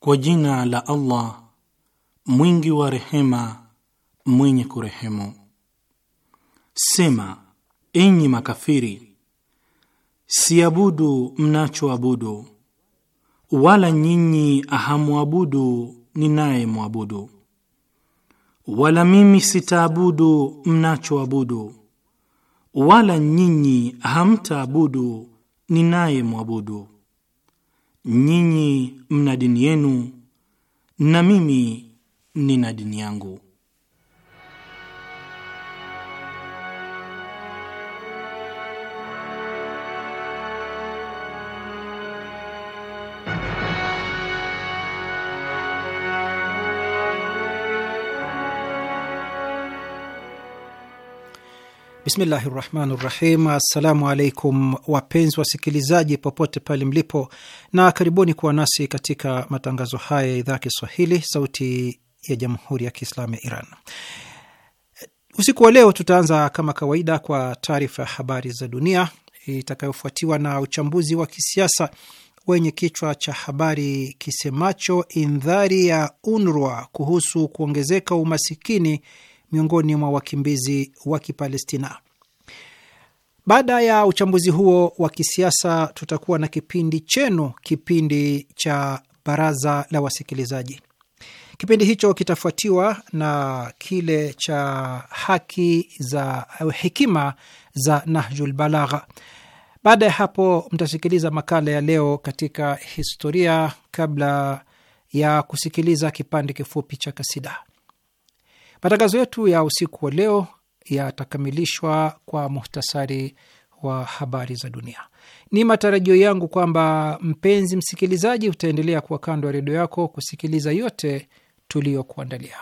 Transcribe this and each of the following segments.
Kwa jina la Allah mwingi wa rehema, mwenye kurehemu. Sema, enyi makafiri Siabudu mnachoabudu, wala nyinyi hamwabudu mwabudu wala mimi sitaabudu mnachoabudu, wala nyinyi hamtaabudu mwabudu Nyinyi mna dini yenu na mimi nina dini yangu. Bismillahi rahmani rahim. Assalamu alaikum wapenzi wasikilizaji popote pale mlipo, na karibuni kuwa nasi katika matangazo haya ya idhaa ya Kiswahili sauti ya jamhuri ya Kiislamu ya Iran. Usiku wa leo tutaanza kama kawaida kwa taarifa ya habari za dunia itakayofuatiwa na uchambuzi wa kisiasa wenye kichwa cha habari kisemacho indhari ya UNRWA kuhusu kuongezeka umasikini miongoni mwa wakimbizi wa Kipalestina. Baada ya uchambuzi huo wa kisiasa, tutakuwa na kipindi chenu, kipindi cha baraza la wasikilizaji. Kipindi hicho kitafuatiwa na kile cha haki za hekima za Nahjul Balagha. Baada ya hapo, mtasikiliza makala ya leo katika historia, kabla ya kusikiliza kipande kifupi cha kasida. Matangazo yetu ya usiku wa leo yatakamilishwa kwa muhtasari wa habari za dunia. Ni matarajio yangu kwamba mpenzi msikilizaji, utaendelea kuwa kando ya redio yako kusikiliza yote tuliyokuandalia.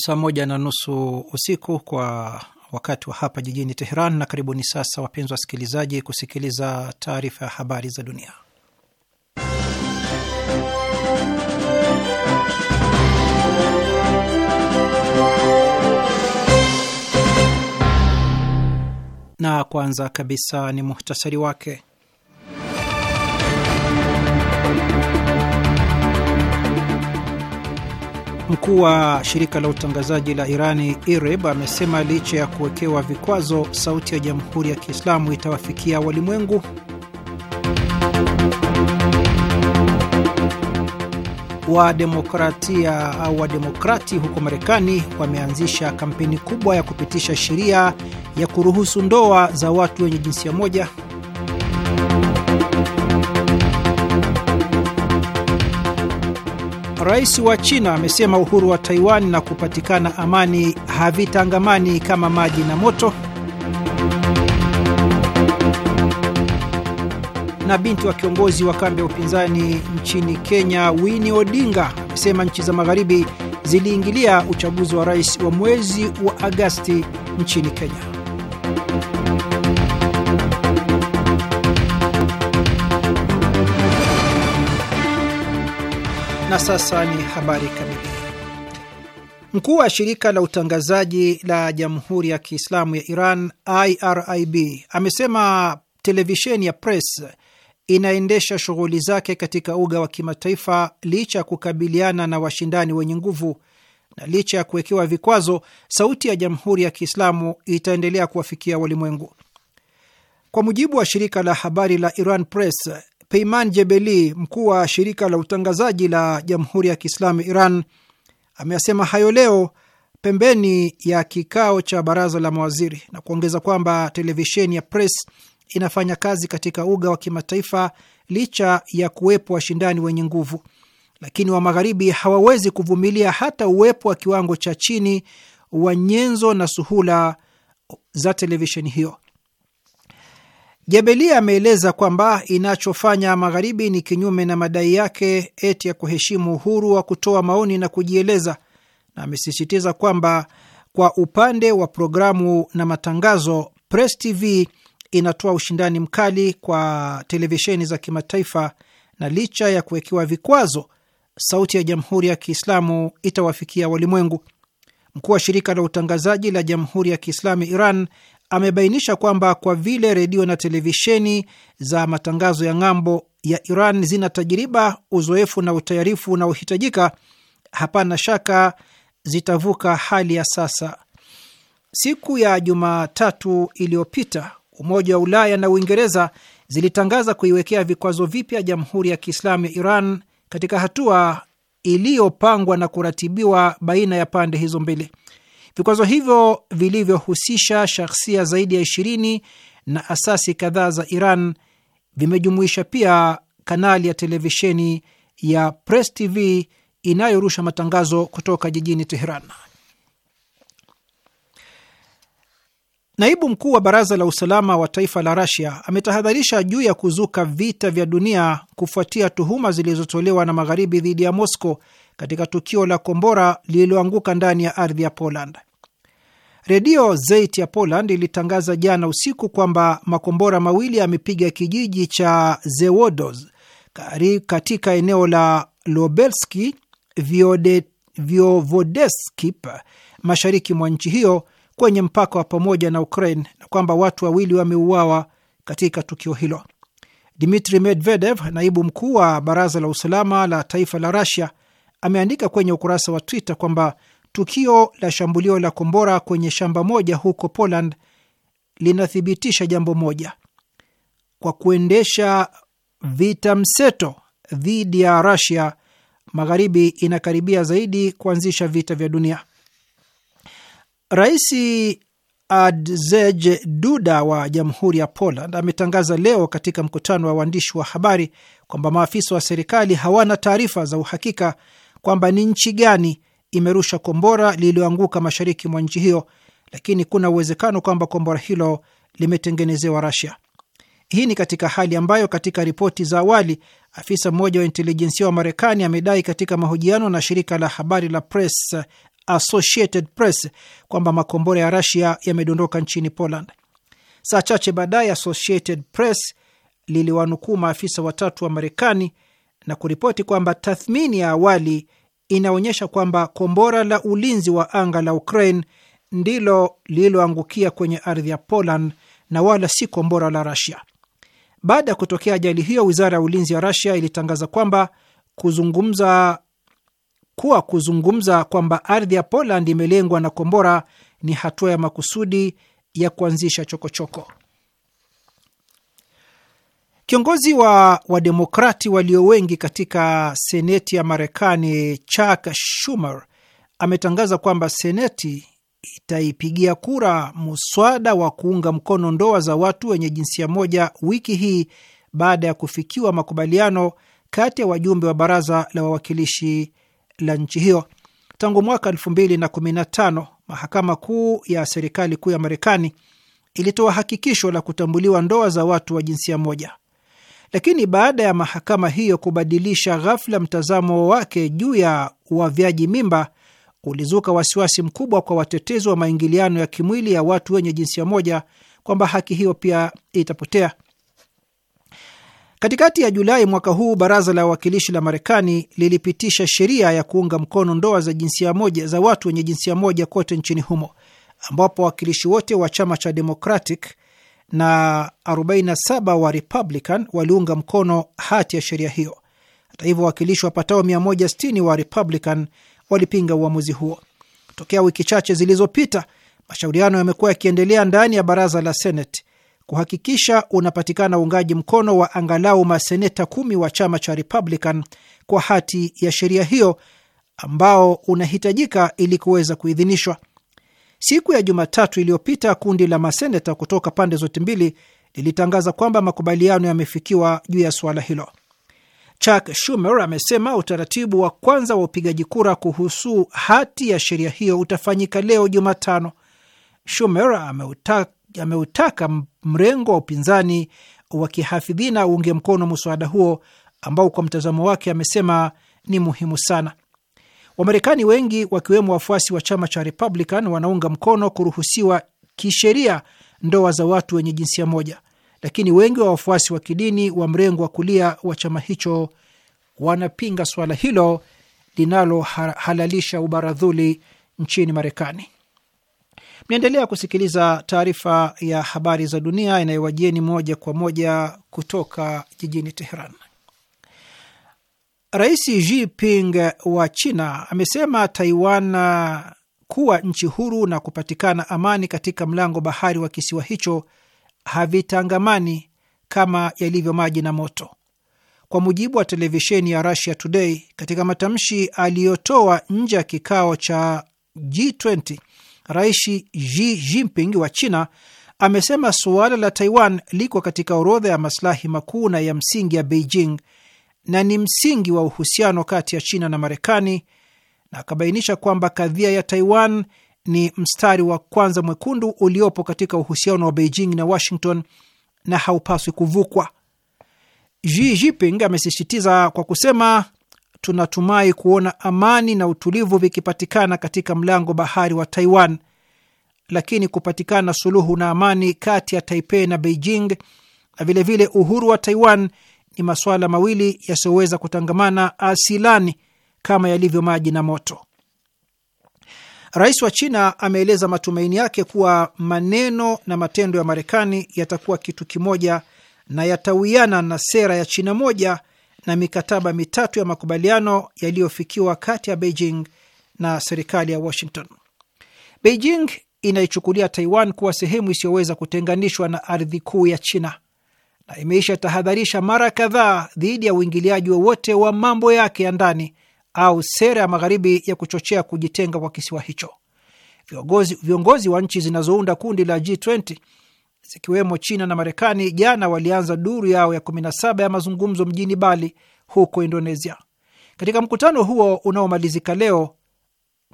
saa moja na nusu usiku kwa wakati wa hapa jijini Teheran, na karibuni sasa, wapenzi wasikilizaji, kusikiliza taarifa ya habari za dunia. Na kwanza kabisa ni muhtasari wake. Mkuu wa shirika la utangazaji la Irani, IRIB, e amesema licha ya kuwekewa vikwazo, sauti ya jamhuri ya Kiislamu itawafikia walimwengu. wademokratia au wademokrati huko Marekani wameanzisha kampeni kubwa ya kupitisha sheria ya kuruhusu ndoa za watu wenye jinsia moja. Rais wa China amesema uhuru wa Taiwan na kupatikana amani havitangamani kama maji na moto. Na binti wa kiongozi wa kambi ya upinzani nchini Kenya, Winnie Odinga, amesema nchi za magharibi ziliingilia uchaguzi wa rais wa mwezi wa Agasti nchini Kenya. Na sasa ni habari kamili. Mkuu wa shirika la utangazaji la Jamhuri ya Kiislamu ya Iran IRIB amesema televisheni ya Press inaendesha shughuli zake katika uga wa kimataifa licha ya kukabiliana na washindani wenye nguvu na licha ya kuwekewa vikwazo, sauti ya Jamhuri ya Kiislamu itaendelea kuwafikia walimwengu. Kwa mujibu wa shirika la habari la Iran Press, Peiman Jebeli, mkuu wa shirika la utangazaji la Jamhuri ya Kiislamu Iran, ameyasema hayo leo pembeni ya kikao cha baraza la mawaziri na kuongeza kwamba televisheni ya Press inafanya kazi katika uga wa kimataifa licha ya kuwepo washindani wenye nguvu, lakini wa Magharibi hawawezi kuvumilia hata uwepo wa kiwango cha chini wa nyenzo na suhula za televisheni hiyo. Jabelia ameeleza kwamba inachofanya Magharibi ni kinyume na madai yake eti ya kuheshimu uhuru wa kutoa maoni na kujieleza, na amesisitiza kwamba kwa upande wa programu na matangazo, Press TV inatoa ushindani mkali kwa televisheni za kimataifa, na licha ya kuwekewa vikwazo, sauti ya Jamhuri ya Kiislamu itawafikia walimwengu. Mkuu wa shirika la utangazaji la Jamhuri ya Kiislamu Iran amebainisha kwamba kwa vile redio na televisheni za matangazo ya ng'ambo ya Iran zina tajiriba, uzoefu na utayarifu unaohitajika, hapana shaka zitavuka hali ya sasa. Siku ya Jumatatu iliyopita Umoja wa Ulaya na Uingereza zilitangaza kuiwekea vikwazo vipya Jamhuri ya Kiislamu ya Iran katika hatua iliyopangwa na kuratibiwa baina ya pande hizo mbili. Vikwazo hivyo vilivyohusisha shahsia zaidi ya ishirini na asasi kadhaa za Iran vimejumuisha pia kanali ya televisheni ya Press TV inayorusha matangazo kutoka jijini Teheran. Naibu mkuu wa baraza la usalama wa taifa la Rasia ametahadharisha juu ya kuzuka vita vya dunia kufuatia tuhuma zilizotolewa na magharibi dhidi ya Moscow katika tukio la kombora lililoanguka ndani ya ardhi ya Poland. Redio Zeit ya Poland ilitangaza jana usiku kwamba makombora mawili yamepiga kijiji cha Zewodos katika eneo la Lobelski Vyovodeskip mashariki mwa nchi hiyo kwenye mpaka wa pamoja na Ukraine na kwamba watu wawili wameuawa katika tukio hilo. Dmitri Medvedev, naibu mkuu wa baraza la usalama la taifa la Russia, ameandika kwenye ukurasa wa Twitter kwamba Tukio la shambulio la kombora kwenye shamba moja huko Poland linathibitisha jambo moja: kwa kuendesha vita mseto dhidi ya Russia, Magharibi inakaribia zaidi kuanzisha vita vya dunia. Rais Andrzej Duda wa Jamhuri ya Poland ametangaza leo katika mkutano wa waandishi wa habari kwamba maafisa wa serikali hawana taarifa za uhakika kwamba ni nchi gani imerusha kombora lililoanguka mashariki mwa nchi hiyo, lakini kuna uwezekano kwamba kombora hilo limetengenezewa Rasia. Hii ni katika hali ambayo katika ripoti za awali afisa mmoja wa intelijensia wa Marekani amedai katika mahojiano na shirika la habari la Press, Associated Press kwamba makombora ya Rasia yamedondoka nchini Poland. Saa chache baadaye Associated Press liliwanukuu maafisa watatu wa Marekani na kuripoti kwamba tathmini ya awali inaonyesha kwamba kombora la ulinzi wa anga la Ukraine ndilo lililoangukia kwenye ardhi ya Poland na wala si kombora la Rasia. Baada ya kutokea ajali hiyo, wizara ya ulinzi ya Rasia ilitangaza kwamba kuzungumza kuwa kuzungumza kwamba ardhi ya Poland imelengwa na kombora ni hatua ya makusudi ya kuanzisha chokochoko choko. Kiongozi wa Wademokrati walio wengi katika seneti ya Marekani, Chuck Schumer ametangaza kwamba seneti itaipigia kura muswada wa kuunga mkono ndoa za watu wenye jinsia moja wiki hii baada ya kufikiwa makubaliano kati ya wajumbe wa baraza la wawakilishi la nchi hiyo. Tangu mwaka 2015 mahakama kuu ya serikali kuu ya Marekani ilitoa hakikisho la kutambuliwa ndoa za watu wa jinsia moja. Lakini baada ya mahakama hiyo kubadilisha ghafla mtazamo wake juu ya uavyaji mimba, ulizuka wasiwasi mkubwa kwa watetezi wa maingiliano ya kimwili ya watu wenye jinsia moja kwamba haki hiyo pia itapotea. Katikati ya Julai mwaka huu, baraza la wawakilishi la Marekani lilipitisha sheria ya kuunga mkono ndoa za jinsia moja za watu wenye jinsia moja kote nchini humo, ambapo wawakilishi wote wa chama cha Democratic na 47 wa Republican waliunga mkono hati ya sheria hiyo. Hata hivyo, wawakilishi wapatao 160 wa Republican walipinga uamuzi huo. Tokea wiki chache zilizopita, mashauriano yamekuwa yakiendelea ndani ya baraza la Senate kuhakikisha unapatikana uungaji mkono wa angalau maseneta kumi wa chama cha Republican kwa hati ya sheria hiyo ambao unahitajika ili kuweza kuidhinishwa. Siku ya Jumatatu iliyopita kundi la maseneta kutoka pande zote mbili lilitangaza kwamba makubaliano yamefikiwa juu ya suala hilo. Chuck Schumer amesema utaratibu wa kwanza wa upigaji kura kuhusu hati ya sheria hiyo utafanyika leo Jumatano. Schumer ameutaka, ameutaka mrengo wa upinzani wa kihafidhina uunge mkono mswada huo ambao kwa mtazamo wake amesema ni muhimu sana. Wamarekani wengi wakiwemo wafuasi wa chama cha Republican wanaunga mkono kuruhusiwa kisheria ndoa za watu wenye jinsia moja, lakini wengi wa wafuasi wa kidini wa mrengo wa kulia wa chama hicho wanapinga swala hilo linalohalalisha ubaradhuli nchini Marekani. Mnaendelea kusikiliza taarifa ya habari za dunia inayowajieni moja kwa moja kutoka jijini Teheran. Rais Xi Jinping wa China amesema Taiwan kuwa nchi huru na kupatikana amani katika mlango bahari wa kisiwa hicho havitangamani kama yalivyo maji na moto. Kwa mujibu wa televisheni ya Russia Today, katika matamshi aliyotoa nje ya kikao cha G20, Rais Xi Jinping wa China amesema suala la Taiwan liko katika orodha ya maslahi makuu na ya msingi ya Beijing na ni msingi wa uhusiano kati ya China na Marekani, na akabainisha kwamba kadhia ya Taiwan ni mstari wa kwanza mwekundu uliopo katika uhusiano wa Beijing na Washington na haupaswi kuvukwa. Xi Jinping amesisitiza kwa kusema, tunatumai kuona amani na utulivu vikipatikana katika mlango bahari wa Taiwan, lakini kupatikana suluhu na amani kati ya Taipei na Beijing na vilevile vile uhuru wa Taiwan ni masuala mawili yasiyoweza kutangamana asilani kama yalivyo maji na moto. Rais wa China ameeleza matumaini yake kuwa maneno na matendo ya Marekani yatakuwa kitu kimoja na yatawiana na sera ya China moja na mikataba mitatu ya makubaliano yaliyofikiwa kati ya Beijing na serikali ya Washington. Beijing inaichukulia Taiwan kuwa sehemu isiyoweza kutenganishwa na ardhi kuu ya China na imeishatahadharisha mara kadhaa dhidi ya uingiliaji wowote wa, wa mambo yake ya ndani au sera ya magharibi ya kuchochea kujitenga kwa kisiwa hicho. Viongozi, viongozi wa nchi zinazounda kundi la G20 zikiwemo China na Marekani jana walianza duru yao ya 17 ya mazungumzo mjini Bali huko Indonesia. Katika mkutano huo unaomalizika leo,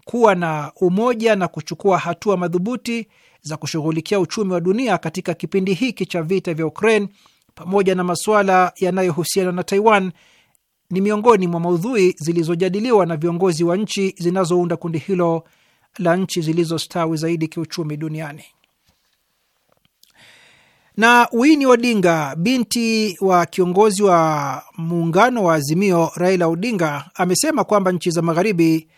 kuwa na umoja na kuchukua hatua madhubuti za kushughulikia uchumi wa dunia katika kipindi hiki cha vita vya Ukraine pamoja na masuala yanayohusiana na Taiwan ni miongoni mwa maudhui zilizojadiliwa na viongozi wa nchi zinazounda kundi hilo la nchi zilizostawi zaidi kiuchumi duniani. Na Winnie Odinga, binti wa kiongozi wa muungano wa Azimio Raila Odinga, amesema kwamba nchi za magharibi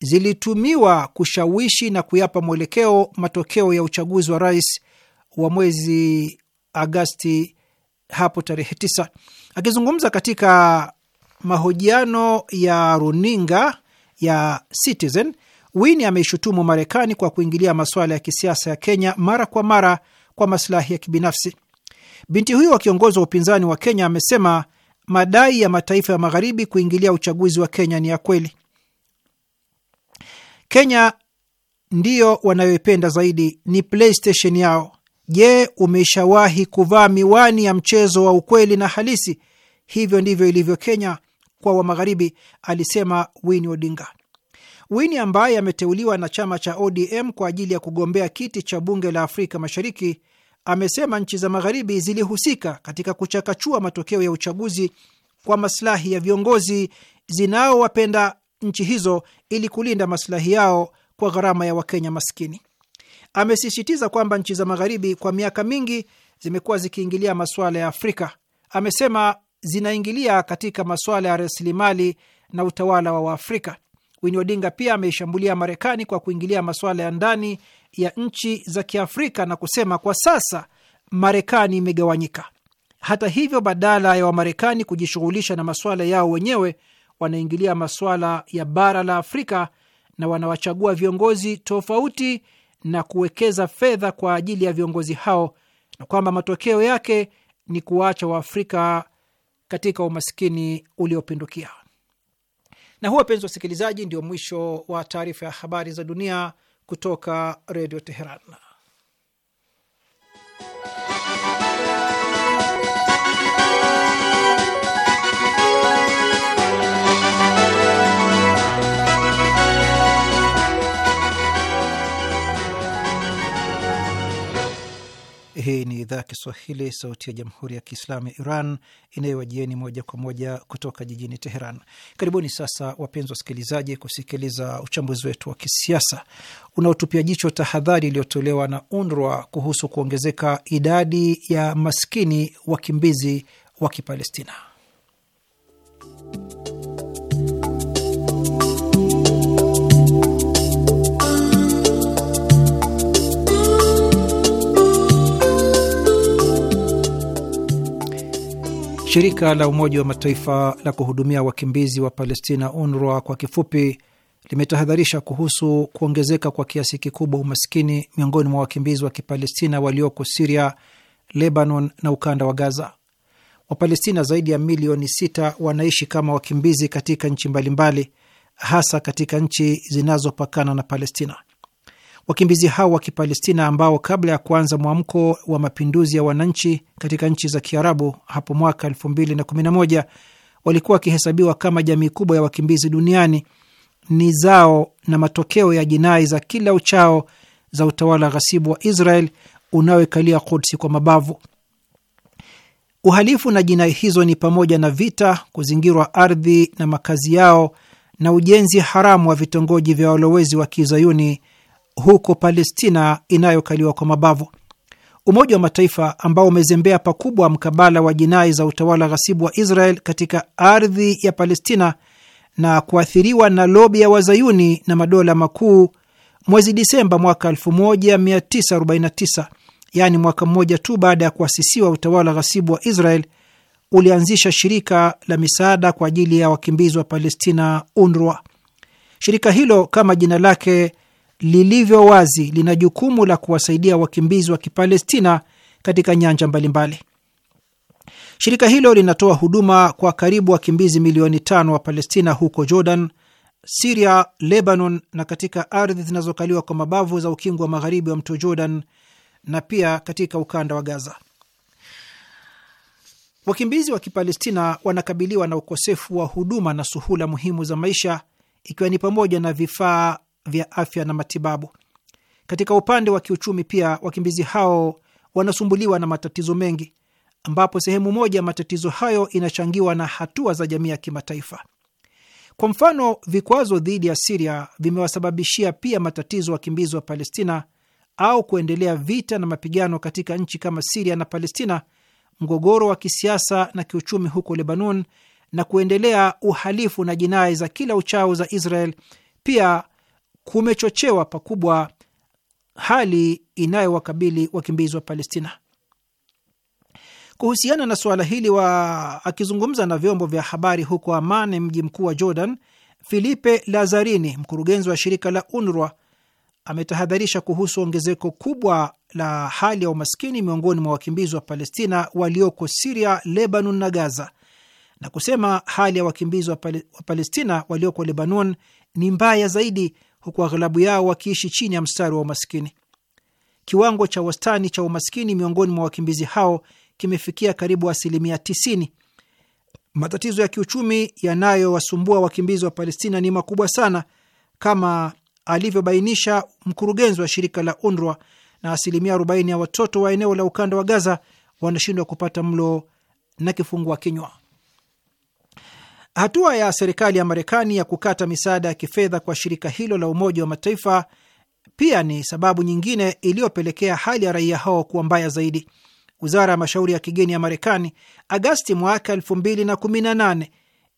zilitumiwa kushawishi na kuyapa mwelekeo matokeo ya uchaguzi wa rais wa mwezi Agasti hapo tarehe tisa. Akizungumza katika mahojiano ya runinga ya Citizen, Wini ameishutumu Marekani kwa kuingilia masuala ya kisiasa ya Kenya mara kwa mara kwa masilahi ya kibinafsi. Binti huyo wa kiongozi wa upinzani wa Kenya amesema madai ya mataifa ya magharibi kuingilia uchaguzi wa Kenya ni ya kweli. Kenya ndiyo wanayoipenda zaidi, ni PlayStation yao Je, umeshawahi kuvaa miwani ya mchezo wa ukweli na halisi? Hivyo ndivyo ilivyo Kenya kwa wa magharibi, alisema Winnie Odinga. Winnie ambaye ameteuliwa na chama cha ODM kwa ajili ya kugombea kiti cha bunge la Afrika Mashariki amesema nchi za magharibi zilihusika katika kuchakachua matokeo ya uchaguzi kwa maslahi ya viongozi zinaowapenda nchi hizo ili kulinda maslahi yao kwa gharama ya Wakenya maskini. Amesisitiza kwamba nchi za Magharibi kwa miaka mingi zimekuwa zikiingilia masuala ya Afrika. Amesema zinaingilia katika masuala ya rasilimali na utawala wa Waafrika. Winnie Odinga pia ameishambulia Marekani kwa kuingilia masuala ya ndani ya nchi za Kiafrika na kusema kwa sasa Marekani imegawanyika. Hata hivyo, badala ya Wamarekani kujishughulisha na masuala yao wenyewe, wanaingilia masuala ya bara la Afrika na wanawachagua viongozi tofauti na kuwekeza fedha kwa ajili ya viongozi hao na kwamba matokeo yake ni kuwaacha Waafrika katika umaskini uliopindukia. Na huu, wapenzi wasikilizaji, ndio mwisho wa taarifa ya habari za dunia kutoka Redio Teheran. Hii ni idhaa ya Kiswahili, sauti ya jamhuri ya kiislamu ya Iran inayowajieni moja kwa moja kutoka jijini Teheran. Karibuni sasa, wapenzi wasikilizaji, kusikiliza uchambuzi wetu wa kisiasa unaotupia jicho tahadhari iliyotolewa na UNRWA kuhusu kuongezeka idadi ya maskini wakimbizi wa Kipalestina. Shirika la Umoja wa Mataifa la kuhudumia wakimbizi wa Palestina, UNRWA kwa kifupi, limetahadharisha kuhusu kuongezeka kwa kiasi kikubwa umaskini miongoni mwa wakimbizi wa Kipalestina walioko Siria, Lebanon na ukanda wa Gaza. Wapalestina zaidi ya milioni sita wanaishi kama wakimbizi katika nchi mbalimbali, hasa katika nchi zinazopakana na Palestina. Wakimbizi hao wa Kipalestina ambao kabla ya kuanza mwamko wa mapinduzi ya wananchi katika nchi za Kiarabu hapo mwaka 2011 walikuwa wakihesabiwa kama jamii kubwa ya wakimbizi duniani ni zao na matokeo ya jinai za kila uchao za utawala ghasibu wa Israel unaoikalia Kudsi kwa mabavu. Uhalifu na jinai hizo ni pamoja na vita, kuzingirwa ardhi na makazi yao, na ujenzi haramu wa vitongoji vya walowezi wa Kizayuni huko Palestina inayokaliwa kwa mabavu. Umoja wa Mataifa ambao umezembea pakubwa mkabala wa jinai za utawala ghasibu wa Israel katika ardhi ya Palestina na kuathiriwa na lobi ya wazayuni na madola makuu, mwezi Disemba mwaka 1949 yaani mwaka mmoja tu baada ya kuasisiwa utawala ghasibu wa Israel ulianzisha shirika la misaada kwa ajili ya wakimbizi wa Palestina, UNRWA. Shirika hilo kama jina lake lilivyo wazi lina jukumu la kuwasaidia wakimbizi wa Kipalestina katika nyanja mbalimbali. Shirika hilo linatoa huduma kwa karibu wakimbizi milioni tano wa Palestina huko Jordan, Siria, Lebanon na katika ardhi zinazokaliwa kwa mabavu za ukingo wa magharibi wa mto Jordan na pia katika ukanda wa Gaza. Wakimbizi wa Kipalestina wanakabiliwa na ukosefu wa huduma na suhula muhimu za maisha, ikiwa ni pamoja na vifaa vya afya na matibabu. Katika upande wa kiuchumi pia, wakimbizi hao wanasumbuliwa na matatizo mengi, ambapo sehemu moja ya matatizo hayo inachangiwa na hatua za jamii ya kimataifa. Kwa mfano, vikwazo dhidi ya Siria vimewasababishia pia matatizo wakimbizi wa Palestina au kuendelea vita na mapigano katika nchi kama Siria na Palestina, mgogoro wa kisiasa na kiuchumi huko Lebanon, na kuendelea uhalifu na jinai za kila uchao za Israel pia kumechochewa pakubwa hali inayowakabili wakimbizi wa Palestina. Kuhusiana na suala hili wa akizungumza na vyombo vya habari huko aman mji mkuu wa Jordan, Filipe Lazarini, mkurugenzi wa shirika la UNRWA, ametahadharisha kuhusu ongezeko kubwa la hali ya umaskini miongoni mwa wakimbizi wa Palestina walioko Siria, Lebanon na Gaza, na kusema hali ya wakimbizi wa Palestina walioko Lebanon ni mbaya zaidi huku aghlabu yao wakiishi chini ya mstari wa umaskini. Kiwango cha wastani cha umaskini miongoni mwa wakimbizi hao kimefikia karibu asilimia 90. Matatizo ya kiuchumi yanayowasumbua wakimbizi wa Palestina ni makubwa sana, kama alivyobainisha mkurugenzi wa shirika la UNRWA, na asilimia 40 ya watoto wa eneo la ukanda wa Gaza wanashindwa kupata mlo na kifungua kinywa. Hatua ya serikali ya Marekani ya kukata misaada ya kifedha kwa shirika hilo la Umoja wa Mataifa pia ni sababu nyingine iliyopelekea hali ya raia hao kuwa mbaya zaidi. Wizara ya mashauri ya kigeni ya Marekani Agasti mwaka 2018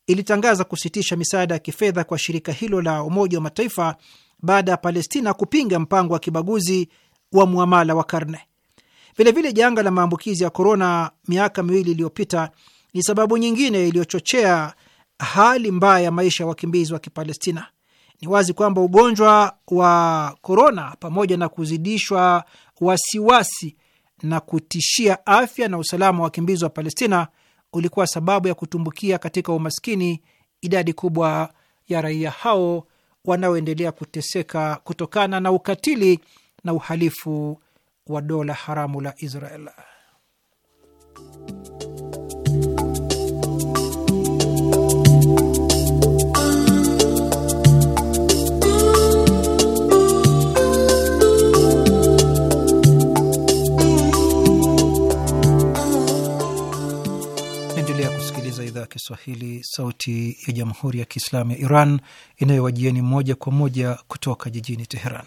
ilitangaza kusitisha misaada ya kifedha kwa shirika hilo la Umoja wa Mataifa baada ya Palestina kupinga mpango wa kibaguzi wa muamala wa karne. Vilevile, janga la maambukizi ya korona miaka miwili iliyopita ni sababu nyingine iliyochochea hali mbaya ya maisha ya wakimbizi wa Kipalestina. Ni wazi kwamba ugonjwa wa korona, pamoja na kuzidishwa wasiwasi na kutishia afya na usalama wa wakimbizi wa Palestina, ulikuwa sababu ya kutumbukia katika umaskini idadi kubwa ya raia hao wanaoendelea kuteseka kutokana na ukatili na uhalifu wa dola haramu la Israel. Sauti ya Jamhuri ya Kiislamu ya Iran inayowajieni moja kwa moja kutoka jijini Teheran.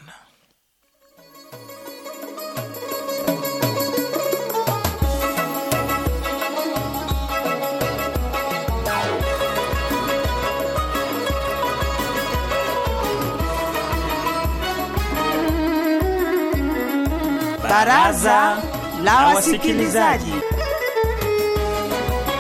Baraza la Wasikilizaji.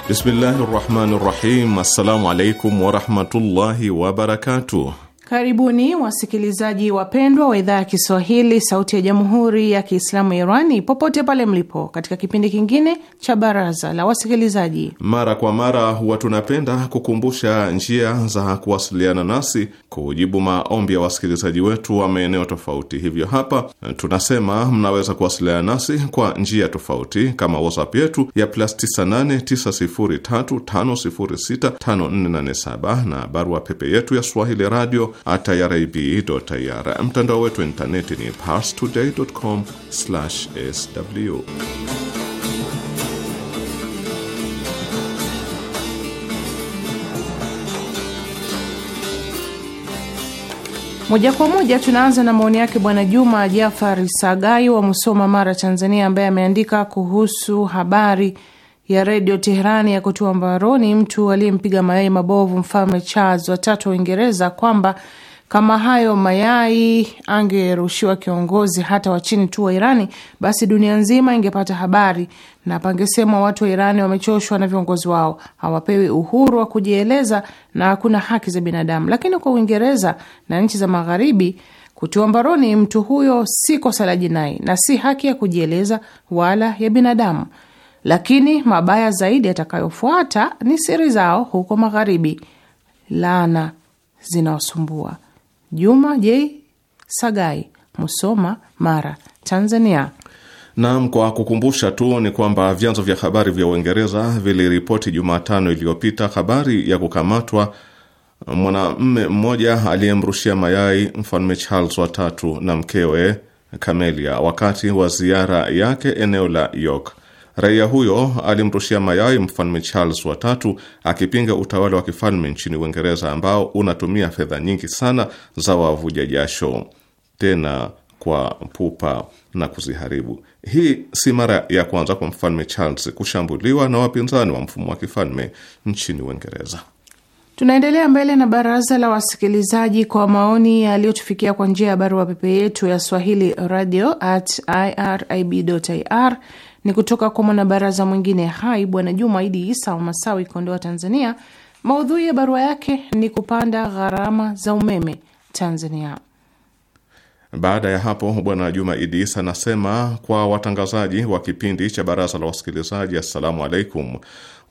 Bismillahi rahmani rahim. Assalamu alaikum warahmatullahi wabarakatuh. Karibuni wasikilizaji wapendwa wa idhaa ya Kiswahili sauti ya jamhuri ya Kiislamu ya Irani popote pale mlipo, katika kipindi kingine cha baraza la wasikilizaji. Mara kwa mara huwa tunapenda kukumbusha njia za kuwasiliana nasi, kujibu maombi ya wasikilizaji wetu wa maeneo tofauti. Hivyo hapa tunasema mnaweza kuwasiliana nasi kwa njia tofauti, kama WhatsApp yetu ya plus 989035065487 na barua pepe yetu ya swahili radio at Mtandao wetu wa intaneti ni parstoday.com sw. Moja kwa moja tunaanza na maoni yake Bwana Juma Jafari Sagai wa Musoma, Mara, Tanzania, ambaye ameandika kuhusu habari ya redio Teherani ya kutua mbaroni mtu aliyempiga mayai mabovu mfalme Charles watatu wa Uingereza kwamba kama hayo mayai angerushiwa kiongozi hata wa chini tu wa Irani, basi dunia nzima ingepata habari na pangesemwa watu wa Irani wamechoshwa na viongozi wao, hawapewi uhuru wa kujieleza na hakuna haki za binadamu. Lakini kwa Uingereza na nchi za Magharibi, kutiwa mbaroni mtu huyo si kosa la jinai na si haki ya kujieleza wala ya binadamu lakini mabaya zaidi yatakayofuata ni siri zao huko magharibi, laana zinaosumbua. Juma J Sagai, Musoma, Mara, Tanzania. Naam, kwa kukumbusha tu ni kwamba vyanzo vya habari vya Uingereza viliripoti Jumatano iliyopita habari ya kukamatwa mwanamme mmoja aliyemrushia mayai mfalme Charles watatu na mkewe Kamelia wakati wa ziara yake eneo la York. Raia huyo alimrushia mayai mfalme Charles wa tatu akipinga utawala wa kifalme nchini Uingereza ambao unatumia fedha nyingi sana za wavuja jasho, tena kwa pupa na kuziharibu. Hii si mara ya kwanza kwa mfalme Charles kushambuliwa na wapinzani wa mfumo wa kifalme nchini Uingereza. Tunaendelea mbele na baraza la wasikilizaji kwa maoni yaliyotufikia kwa njia ya barua pepe yetu ya swahili radio at irib.ir ni kutoka kwa mwanabaraza mwingine hai Bwana Juma Idi Isa wa Masawi, Kondoa, Tanzania. Maudhui ya barua yake ni kupanda gharama za umeme Tanzania. Baada ya hapo, Bwana Juma Idi Isa anasema kwa watangazaji wa kipindi cha Baraza la Wasikilizaji, assalamu alaikum.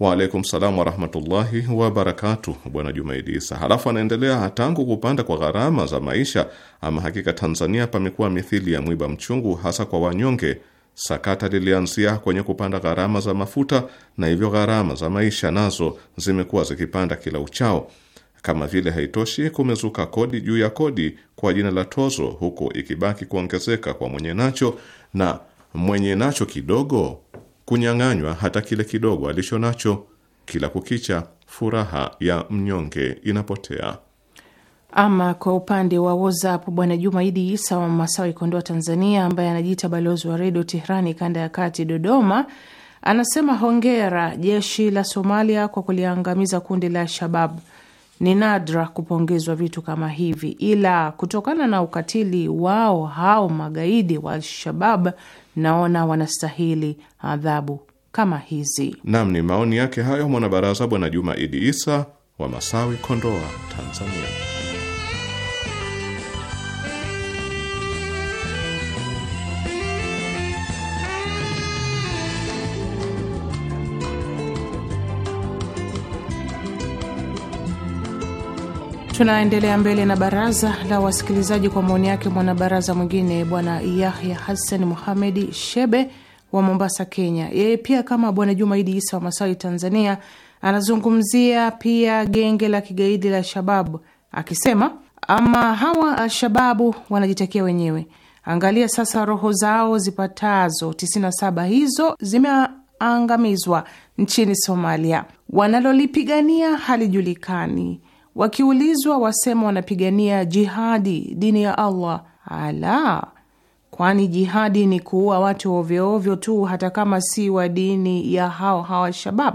Waalaikum salam warahmatullahi wabarakatu, Bwana Juma Idi Isa. Halafu anaendelea, tangu kupanda kwa gharama za maisha, ama hakika Tanzania pamekuwa mithili ya mwiba mchungu, hasa kwa wanyonge Sakata lilianzia kwenye kupanda gharama za mafuta na hivyo gharama za maisha nazo zimekuwa zikipanda kila uchao. Kama vile haitoshi, kumezuka kodi juu ya kodi kwa jina la tozo, huku ikibaki kuongezeka kwa mwenye nacho na mwenye nacho kidogo kunyang'anywa hata kile kidogo alicho nacho. Kila kukicha, furaha ya mnyonge inapotea. Ama kwa upande wa WhatsApp, Bwana Jumaidi Isa wa Masawi, Kondoa, Tanzania, ambaye anajiita balozi wa redio Tehrani kanda ya kati, Dodoma, anasema hongera jeshi la Somalia kwa kuliangamiza kundi la Shabab. Ni nadra kupongezwa vitu kama hivi, ila kutokana na ukatili wao hao magaidi wa Alshabab, naona wanastahili adhabu kama hizi. Nam, ni maoni yake hayo mwanabaraza Bwana Juma Idi Isa wa Masawi, Kondoa, Tanzania. Tunaendelea mbele na baraza la wasikilizaji kwa maoni yake mwanabaraza mwingine bwana Yahya Hassan Muhamedi Shebe wa Mombasa, Kenya. Yeye pia kama bwana Jumaidi Isa wa Masawi, Tanzania, anazungumzia pia genge la kigaidi la Shababu akisema, ama hawa Alshababu wanajitakia wenyewe. Angalia sasa roho zao zipatazo 97 hizo zimeangamizwa nchini Somalia, wanalolipigania halijulikani Wakiulizwa wasema wanapigania jihadi, dini ya Allah. Ala, kwani jihadi ni kuua watu ovyoovyo tu, hata kama si wa dini ya hao hawa Shabab?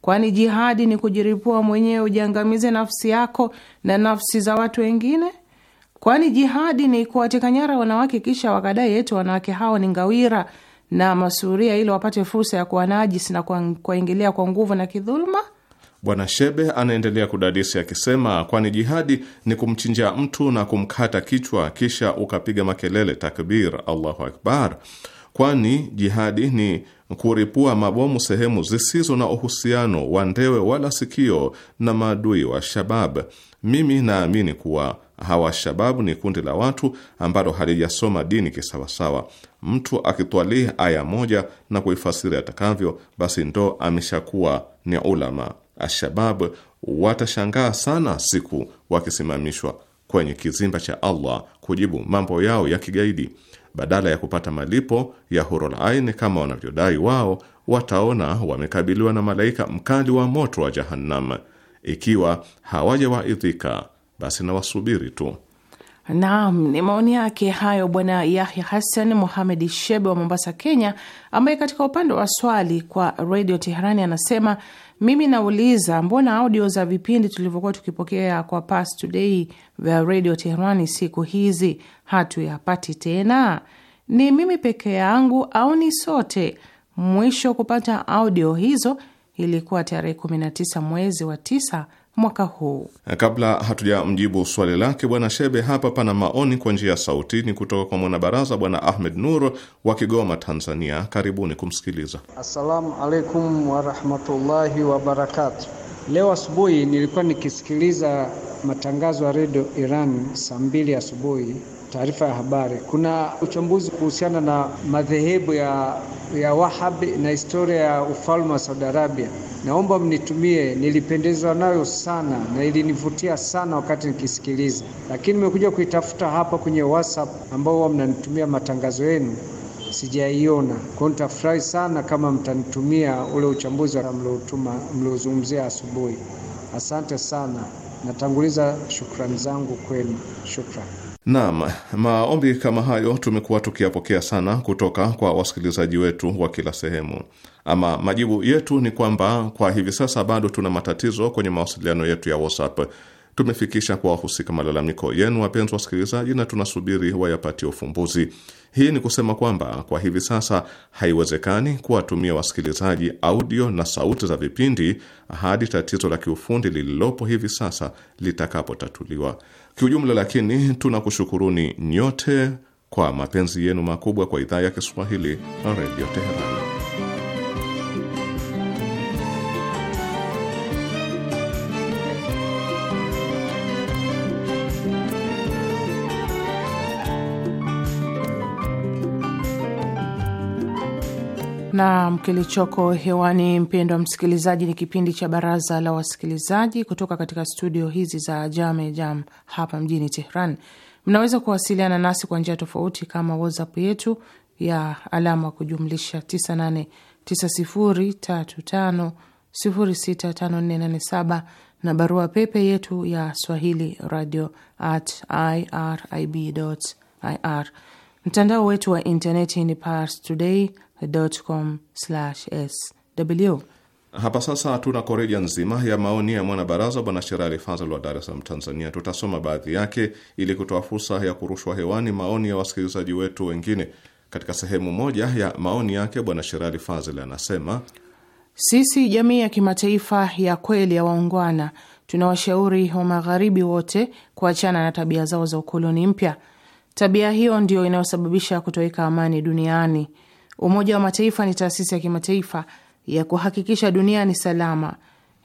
Kwani jihadi ni kujiripua mwenyewe ujiangamize nafsi yako na nafsi za watu wengine? Kwani jihadi ni kuwateka nyara wanawake kisha wakadai yetu wanawake hao ni ngawira na masuria, ili wapate fursa ya najisi na kuwaingilia kwa nguvu na kidhuluma? Bwana Shebe anaendelea kudadisi akisema, kwani jihadi ni kumchinja mtu na kumkata kichwa kisha ukapiga makelele takbir, Allahu akbar, kwani jihadi ni kuripua mabomu sehemu zisizo na uhusiano wa ndewe wala sikio na maadui wa Shabab. Mimi naamini kuwa hawa shababu ni kundi la watu ambalo halijasoma dini kisawasawa. Mtu akitwalii aya moja na kuifasiri atakavyo, basi ndo ameshakuwa ni ulama. Ashabab watashangaa sana siku wakisimamishwa kwenye kizimba cha Allah kujibu mambo yao ya kigaidi. Badala ya kupata malipo ya hurul ain kama wanavyodai wao, wataona wamekabiliwa na malaika mkali wa moto wa Jahannam. Ikiwa hawajawaidhika, basi na wasubiri tu. Naam, ni maoni yake hayo Bwana Yahya Hassan muhamedi Shebe wa Mombasa, Kenya, ambaye katika upande wa swali kwa redio Teherani anasema mimi nauliza, mbona audio za vipindi tulivyokuwa tukipokea kwa Pas Today vya redio Teherani siku hizi hatuyapati tena? Ni mimi peke yangu au ni sote? Mwisho kupata audio hizo ilikuwa tarehe 19 mwezi wa 9 mwaka huu. Eh, kabla hatuja mjibu swali lake bwana Shebe, hapa pana maoni kwa njia ya sauti, ni kutoka kwa mwanabaraza bwana Ahmed Nur wa Kigoma, Tanzania. Karibuni kumsikiliza. Assalamu alaikum warahmatullahi wabarakatu. Leo asubuhi nilikuwa nikisikiliza matangazo ya redio Iran saa mbili asubuhi taarifa ya habari. Kuna uchambuzi kuhusiana na madhehebu ya, ya Wahabi na historia ya ufalme wa Saudi Arabia. Naomba mnitumie, nilipendezwa nayo sana na ilinivutia sana wakati nikisikiliza, lakini nimekuja kuitafuta hapa kwenye WhatsApp ambao huwa mnanitumia matangazo yenu sijaiona. Kwa nitafurahi sana kama mtanitumia ule uchambuzi mliotuma mliozungumzia asubuhi. Asante sana, natanguliza shukrani zangu kwenu, shukrani. Naam, maombi kama hayo tumekuwa tukiyapokea sana kutoka kwa wasikilizaji wetu wa kila sehemu. Ama majibu yetu ni kwamba kwa hivi sasa bado tuna matatizo kwenye mawasiliano yetu ya WhatsApp. Tumefikisha kwa wahusika malalamiko yenu, wapenzi wasikilizaji, na tunasubiri wayapatie ufumbuzi. Hii ni kusema kwamba kwa hivi sasa haiwezekani kuwatumia wasikilizaji audio na sauti za vipindi hadi tatizo la kiufundi lililopo hivi sasa litakapotatuliwa. Kiujumla lakini tunakushukuruni nyote kwa mapenzi yenu makubwa kwa idhaa ya Kiswahili na Redio Teherani. Nam, kilichoko hewani mpendwa msikilizaji, ni kipindi cha baraza la wasikilizaji kutoka katika studio hizi za Jame Jam hapa mjini Tehran. Mnaweza kuwasiliana nasi kwa njia tofauti kama WhatsApp yetu ya alama kujumlisha 989035065487 na barua pepe yetu ya swahili radio at irib ir. Mtandao wetu wa intaneti ni Pars Today sw. Hapa sasa tuna koreja nzima ya maoni ya mwanabaraza Bwana Sherali Fazal wa Dar es Salaam, Tanzania. Tutasoma baadhi yake ili kutoa fursa ya kurushwa hewani maoni ya wasikilizaji wetu wengine. Katika sehemu moja ya maoni yake, Bwana Sherali Fazal anasema sisi jamii ya kimataifa ya kweli ya waungwana tunawashauri wa magharibi wote kuachana na tabia zao za ukoloni mpya. Tabia hiyo ndiyo inayosababisha kutoweka amani duniani. Umoja wa Mataifa ni taasisi ya kimataifa ya kuhakikisha dunia ni salama.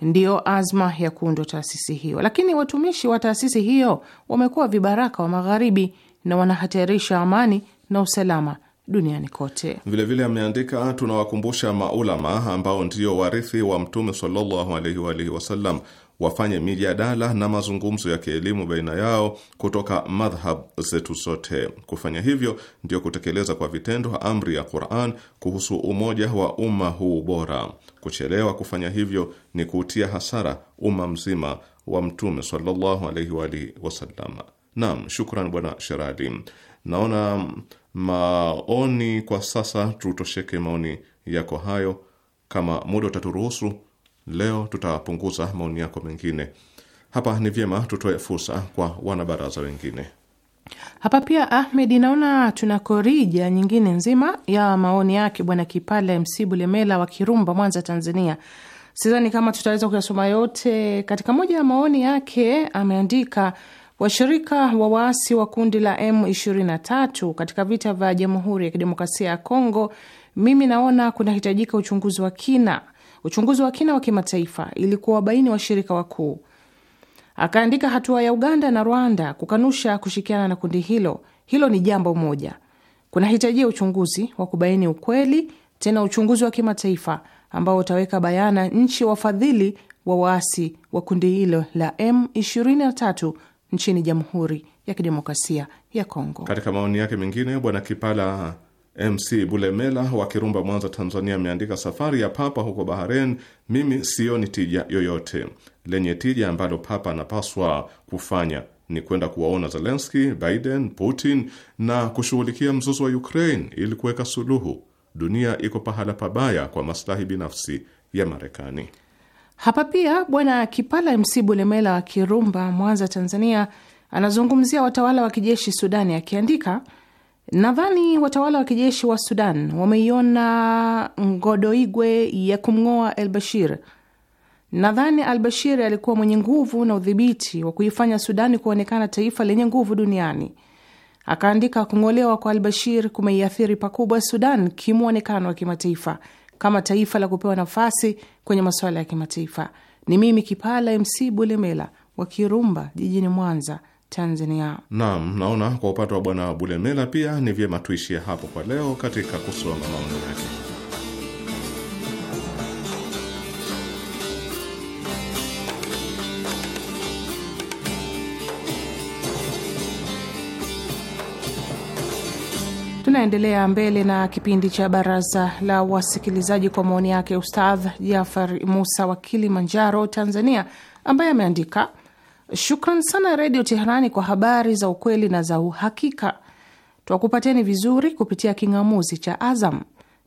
Ndiyo azma ya kuundwa taasisi hiyo, lakini watumishi wa taasisi hiyo wamekuwa vibaraka wa Magharibi na wanahatarisha amani na usalama duniani kote. Vilevile ameandika, tunawakumbusha maulama ambao ndio warithi wa Mtume sallallahu alaihi wa alihi wasallam wafanye mijadala na mazungumzo ya kielimu baina yao kutoka madhhab zetu zote. Kufanya hivyo ndio kutekeleza kwa vitendo amri ya Quran kuhusu umoja wa umma huu bora. Kuchelewa kufanya hivyo ni kuutia hasara umma mzima wa Mtume sallallahu alaihi wa alihi wasallam. Naam, shukran Bwana Sherali. Naona maoni kwa sasa, tutosheke maoni yako hayo, kama muda utaturuhusu Leo tutapunguza maoni yako mengine. Hapa ni vyema tutoe fursa kwa wanabaraza wengine. Hapa pia Ahmed, inaona tuna korija nyingine nzima ya maoni yake bwana Kipale Msibu Lemela wa Kirumba, Mwanza, Tanzania. Sidhani kama tutaweza kuyasoma yote. Katika moja ya maoni yake ameandika, washirika wa waasi wa kundi la M23 katika vita vya Jamhuri ya Kidemokrasia ya Kongo, mimi naona kunahitajika uchunguzi wa kina uchunguzi wa kina wa kimataifa ili kuwabaini washirika wakuu. Akaandika hatua ya Uganda na Rwanda kukanusha kushirikiana na kundi hilo, hilo ni jambo moja, kunahitajia uchunguzi wa kubaini ukweli, tena uchunguzi wa kimataifa ambao utaweka bayana nchi wafadhili wa waasi wa kundi hilo la M23 nchini Jamhuri ya Kidemokrasia ya Kongo. Katika maoni yake mengine, Bwana Kipala MC Bulemela wa Kirumba, Mwanza, Tanzania, ameandika safari ya Papa huko Bahrain, mimi sioni tija yoyote. Lenye tija ambalo Papa anapaswa kufanya ni kwenda kuwaona Zelenski, Biden, Putin na kushughulikia mzozo wa Ukraine ili kuweka suluhu. Dunia iko pahala pabaya kwa maslahi binafsi ya Marekani. Hapa pia Bwana Kipala MC Bulemela wa Kirumba, Mwanza, Tanzania, anazungumzia watawala wa kijeshi Sudani akiandika Nadhani watawala wa kijeshi wa Sudan wameiona ngodoigwe ya kumng'oa al Bashir. Nadhani al Bashir alikuwa mwenye nguvu na udhibiti wa kuifanya Sudani kuonekana taifa lenye nguvu duniani. Akaandika, kung'olewa kwa al Bashir kumeiathiri pakubwa Sudan kimwonekano wa kimataifa kama taifa la kupewa nafasi kwenye masuala ya kimataifa. Ni mimi Kipala MC Bulemela wa Kirumba jijini Mwanza Tanzania. Naam, naona kwa upande wa Bwana Bulemela pia ni vyema tuishie hapo kwa leo katika kusoma maoni yake. Tunaendelea mbele na kipindi cha baraza la wasikilizaji kwa maoni yake Ustadh Jafar Musa wa Kilimanjaro, Tanzania, ambaye ameandika Shukran sana Redio Teherani kwa habari za ukweli na za uhakika. Twakupateni vizuri kupitia king'amuzi cha Azam,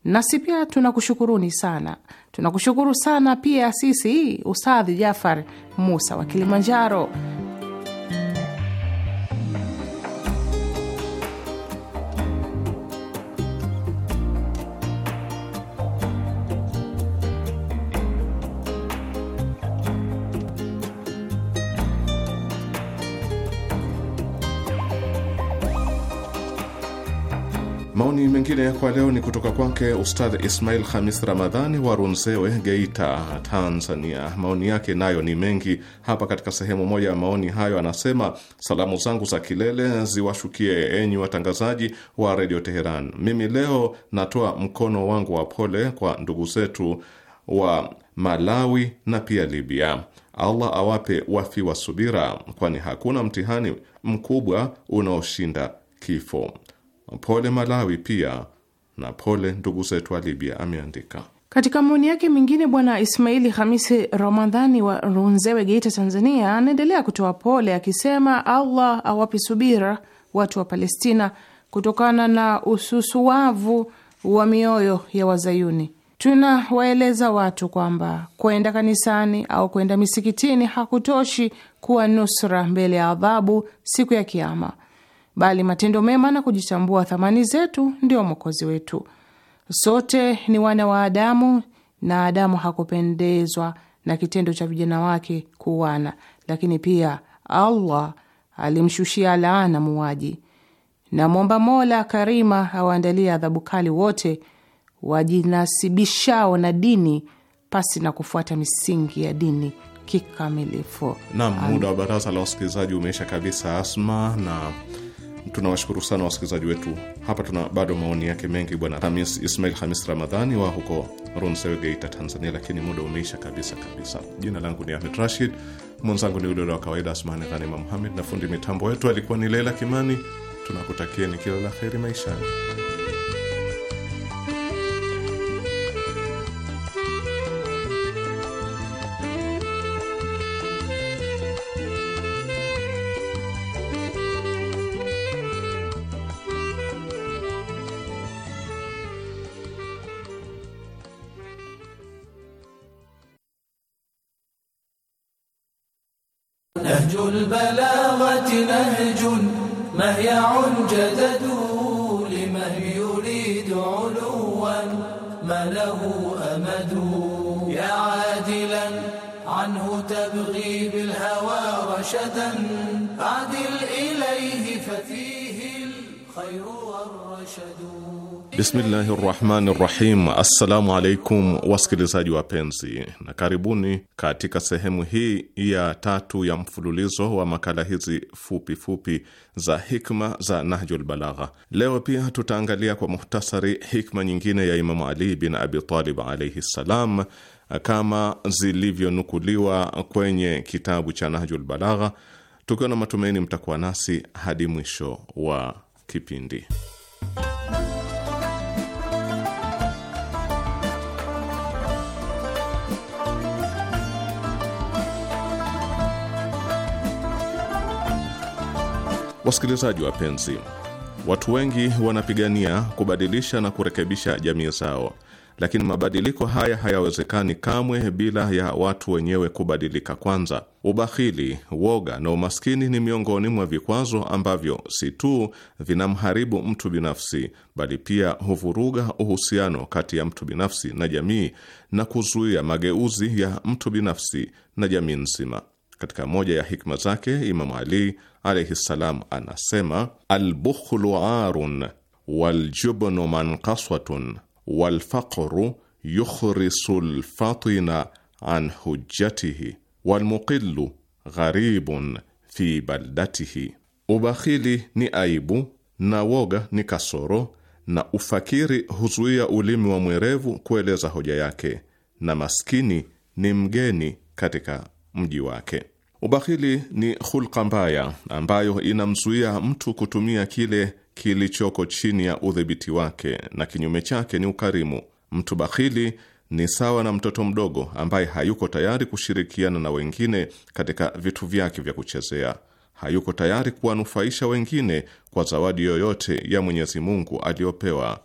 nasi pia tunakushukuruni sana. Tunakushukuru sana pia sisi Ustadhi Jafar Musa wa Kilimanjaro Maoni mengine kwa leo ni kutoka kwake Ustadh Ismail Khamis Ramadhani wa Runzewe, Geita, Tanzania. Maoni yake nayo ni mengi. Hapa katika sehemu moja ya maoni hayo anasema, salamu zangu za kilele ziwashukie enyi watangazaji wa redio Teheran. Mimi leo natoa mkono wangu wa pole kwa ndugu zetu wa Malawi na pia Libya. Allah awape wafi wa subira, kwani hakuna mtihani mkubwa unaoshinda kifo. Pole Malawi pia na pole ndugu zetu wa Libya, ameandika. Katika maoni yake mingine, Bwana Ismaili Hamisi Ramadhani wa Runzewe, Geita, Tanzania, anaendelea kutoa pole akisema, Allah awape subira watu wa Palestina kutokana na ususuavu wa mioyo ya Wazayuni. Tunawaeleza watu kwamba kwenda kanisani au kwenda misikitini hakutoshi kuwa nusra mbele ya adhabu siku ya Kiama bali matendo mema na kujitambua thamani zetu ndio mwokozi wetu. Sote ni wana wa Adamu na Adamu hakupendezwa na kitendo cha vijana wake kuuana, lakini pia Allah alimshushia laana muwaji Namwomba Mola Karima awaandalie adhabu kali wote wajinasibishao na dini pasi na kufuata misingi ya dini kikamilifu. Naam, muda wa baraza la wasikilizaji umeisha kabisa, Asma na tunawashukuru sana wasikilizaji wetu. Hapa tuna bado maoni yake mengi, Bwana Hamis Ismail Hamis Ramadhani wa huko Runzewe, Geita, Tanzania, lakini muda umeisha kabisa kabisa. Jina langu ni Ahmed Rashid, mwenzangu ni ule wa kawaida Asmani Ghanima Muhamed, na fundi mitambo wetu alikuwa ni Leila Kimani. Tunakutakieni kila la kheri maishani. عجلا Bismillahi rahmani rahim. Assalamu alaikum wasikilizaji wapenzi, na karibuni katika sehemu hii ya tatu ya mfululizo wa makala hizi fupi fupi za hikma za Nahjul Balagha. Leo pia tutaangalia kwa muhtasari hikma nyingine ya Imamu Ali bin Abi Talib alaihi ssalam, kama zilivyonukuliwa kwenye kitabu cha Nahjul Balagha, tukiwa na matumaini mtakuwa nasi hadi mwisho wa kipindi. Wasikilizaji wapenzi, watu wengi wanapigania kubadilisha na kurekebisha jamii zao, lakini mabadiliko haya hayawezekani kamwe bila ya watu wenyewe kubadilika kwanza. Ubakhili, woga na umaskini ni miongoni mwa vikwazo ambavyo si tu vinamharibu mtu binafsi, bali pia huvuruga uhusiano kati ya mtu binafsi na jamii na kuzuia mageuzi ya mtu binafsi na jamii nzima. Katika moja ya hikma zake Imamu Ali alaihi ssalam anasema: albukhlu arun waljubnu manqaswatun walfaqru yukhrisu lfatina an hujjatihi walmuqilu gharibun fi baldatihi, ubakhili ni aibu na woga ni kasoro na ufakiri huzuia ulimi wa mwerevu kueleza hoja yake na maskini ni mgeni katika mji wake. Ubakhili ni hulka mbaya ambayo inamzuia mtu kutumia kile kilichoko chini ya udhibiti wake, na kinyume chake ni ukarimu. Mtu bakhili ni sawa na mtoto mdogo ambaye hayuko tayari kushirikiana na wengine katika vitu vyake vya kuchezea, hayuko tayari kuwanufaisha wengine kwa zawadi yoyote ya Mwenyezi Mungu aliyopewa.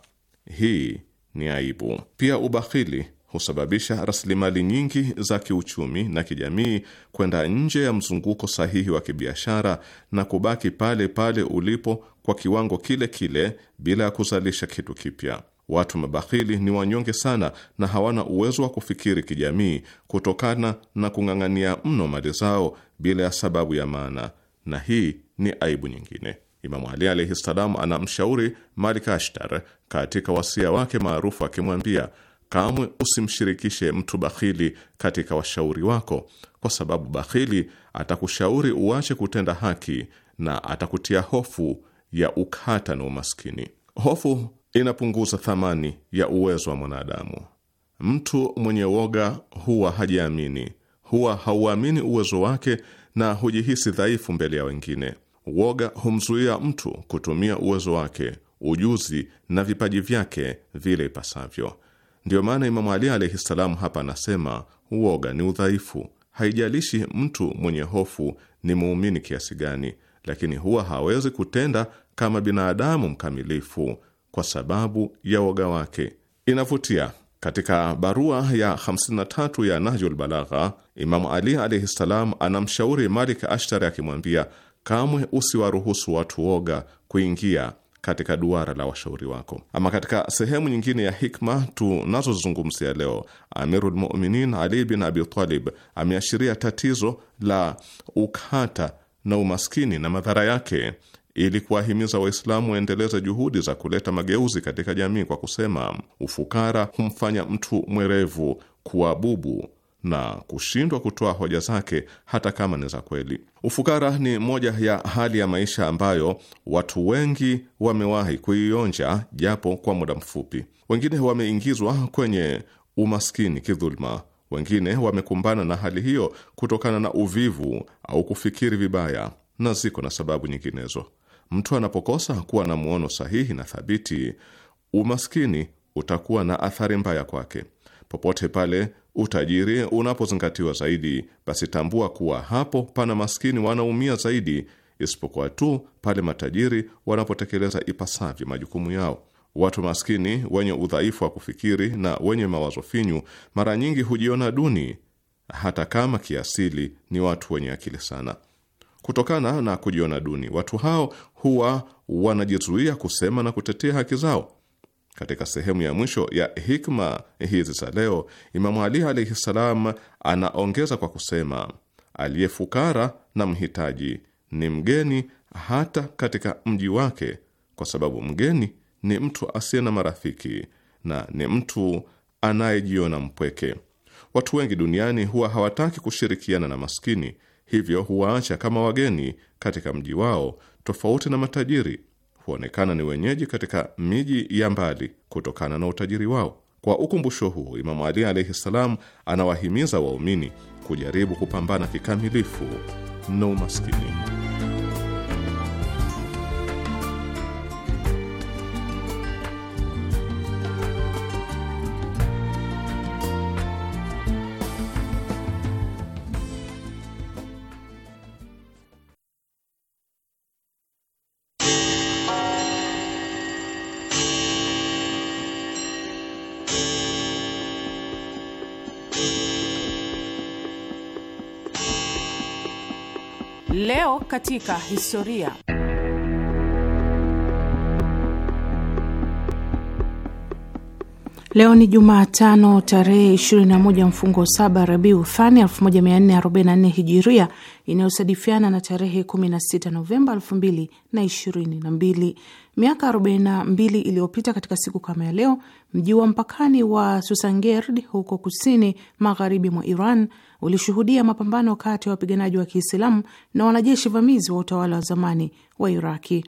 Hii ni aibu. Pia ubakhili husababisha rasilimali nyingi za kiuchumi na kijamii kwenda nje ya mzunguko sahihi wa kibiashara na kubaki pale pale ulipo kwa kiwango kile kile bila ya kuzalisha kitu kipya. Watu mabakhili ni wanyonge sana na hawana uwezo wa kufikiri kijamii kutokana na kung'ang'ania mno mali zao bila ya sababu ya maana, na hii ni aibu nyingine. Imamu Ali alaihi salam anamshauri Malik Ashtar katika wasia wake maarufu akimwambia Kamwe usimshirikishe mtu bakhili katika washauri wako, kwa sababu bakhili atakushauri uache kutenda haki na atakutia hofu ya ukata na umaskini. Hofu inapunguza thamani ya uwezo wa mwanadamu. Mtu mwenye woga huwa hajiamini, huwa hauamini uwezo wake na hujihisi dhaifu mbele ya wengine. Woga humzuia mtu kutumia uwezo wake, ujuzi na vipaji vyake vile ipasavyo. Ndiyo maana Imamu Ali alaihi ssalam hapa anasema uoga ni udhaifu. Haijalishi mtu mwenye hofu ni muumini kiasi gani, lakini huwa hawezi kutenda kama binadamu mkamilifu kwa sababu ya uoga wake. Inavutia, katika barua ya 53 ya Nahjul Balagha, Imamu Ali alaihi ssalam anamshauri Malik Ashtari akimwambia, kamwe usiwaruhusu watu woga kuingia katika duara la washauri wako. Ama katika sehemu nyingine ya hikma tunazozungumzia leo, Amirul Muminin Ali bin Abi Talib ameashiria tatizo la ukata na umaskini na madhara yake ili kuwahimiza Waislamu waendeleze juhudi za kuleta mageuzi katika jamii kwa kusema, ufukara humfanya mtu mwerevu kuwa bubu na kushindwa kutoa hoja zake hata kama ni za kweli. Ufukara ni moja ya hali ya maisha ambayo watu wengi wamewahi kuionja japo kwa muda mfupi. Wengine wameingizwa kwenye umaskini kidhuluma, wengine wamekumbana na hali hiyo kutokana na uvivu au kufikiri vibaya, na ziko na sababu nyinginezo. Mtu anapokosa kuwa na muono sahihi na thabiti, umaskini utakuwa na athari mbaya kwake popote pale utajiri unapozingatiwa zaidi, basi tambua kuwa hapo pana maskini wanaumia zaidi, isipokuwa tu pale matajiri wanapotekeleza ipasavyo majukumu yao. Watu maskini wenye udhaifu wa kufikiri na wenye mawazo finyu mara nyingi hujiona duni, hata kama kiasili ni watu wenye akili sana. Kutokana na kujiona duni, watu hao huwa wanajizuia kusema na kutetea haki zao. Katika sehemu ya mwisho ya hikma hizi za leo, Imamu Ali alaihi ssalam anaongeza kwa kusema, aliyefukara na mhitaji ni mgeni hata katika mji wake, kwa sababu mgeni ni mtu asiye na marafiki na ni mtu anayejiona mpweke. Watu wengi duniani huwa hawataki kushirikiana na maskini, hivyo huwaacha kama wageni katika mji wao, tofauti na matajiri huonekana ni wenyeji katika miji ya mbali kutokana na utajiri wao. Kwa ukumbusho huu, Imamu Ali alaihi ssalam anawahimiza waumini kujaribu kupambana kikamilifu na no umaskini. katika historia. Leo ni Jumatano tarehe 21 mfungo saba Rabiu Thani 1444 Hijiria, inayosadifiana na tarehe 16 Novemba 2022. Miaka 42 iliyopita katika siku kama ya leo, mji wa mpakani wa Susangerd huko kusini magharibi mwa Iran ulishuhudia mapambano kati ya wapiganaji wa Kiislamu na wanajeshi vamizi wa utawala wa zamani wa Iraki.